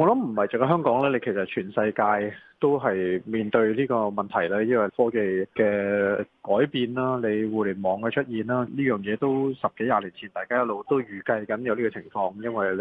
我諗唔係淨係香港咧，你其實全世界都係面對呢個問題咧，因為科技嘅改變啦，你互聯網嘅出現啦，呢樣嘢都十幾廿年前大家一路都預計緊有呢個情況，因為你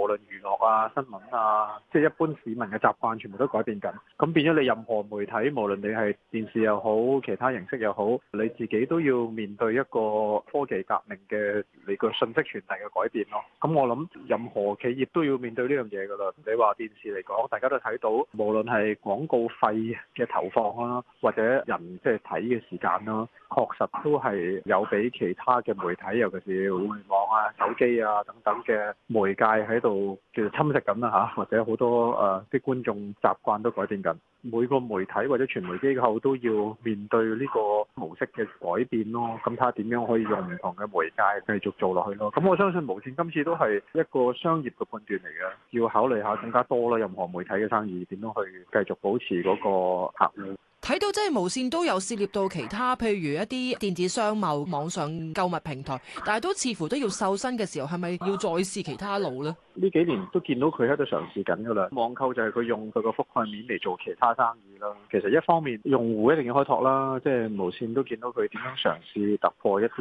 無論娛樂啊、新聞啊，即係一般市民嘅習慣全部都改變緊，咁變咗你任何媒體，無論你係電視又好，其他形式又好，你自己都要面對一個科技革命嘅你個信息傳遞嘅改變咯。咁我諗任何企業都要面對呢樣嘢噶啦。你話電視嚟講，大家都睇到，無論係廣告費嘅投放啦，或者人即係睇嘅時間啦，確實都係有畀其他嘅媒體，尤其是互聯網。啊！手機啊，等等嘅媒介喺度其實侵蝕緊啦嚇，或者好多誒啲、呃、觀眾習慣都改變緊，每個媒體或者傳媒機構都要面對呢個模式嘅改變咯。咁睇下點樣可以用唔同嘅媒介繼續做落去咯。咁、嗯、我相信無線今次都係一個商業嘅判斷嚟嘅，要考慮下更加多啦。任何媒體嘅生意點樣去繼續保持嗰個客戶。睇到即係無線都有涉獵到其他，譬如一啲電子商貿、網上購物平台，但係都似乎都要瘦身嘅時候，係咪要再試其他路咧？呢幾年都見到佢喺度嘗試緊噶啦，網購就係佢用佢個覆蓋面嚟做其他生意啦。其實一方面，用戶一定要開拓啦，即係無線都見到佢點樣嘗試突破一啲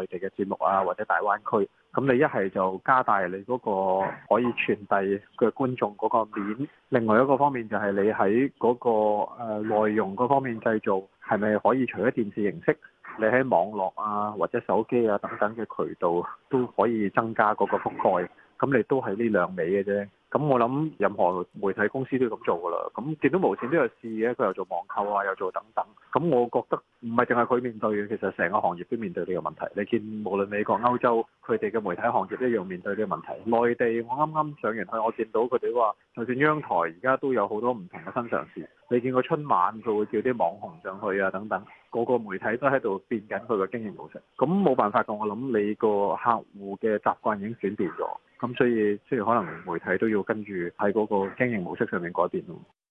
內地嘅節目啊，或者大灣區。咁你一係就加大你嗰個可以傳遞嘅觀眾嗰個面；另外一個方面就係你喺嗰個誒內容嗰方面製造，係咪可以除咗電視形式，你喺網絡啊或者手機啊等等嘅渠道都可以增加嗰個覆蓋。咁你都係呢兩味嘅啫，咁我諗任何媒體公司都咁做噶啦。咁見到無線都有試嘅，佢又做網購啊，又做等等。咁我覺得唔係淨係佢面對嘅，其實成個行業都面對呢個問題。你見無論美國、歐洲，佢哋嘅媒體行業一樣面對呢個問題。內地我啱啱上完去，我見到佢哋話，就算央台而家都有好多唔同嘅新嘗試。你見過春晚，佢會叫啲網紅上去啊，等等，個個媒體都喺度變緊佢個經營模式，咁冇辦法噶。我諗你個客戶嘅習慣已經轉變咗，咁所以雖然可能媒體都要跟住喺嗰個經營模式上面改變咯。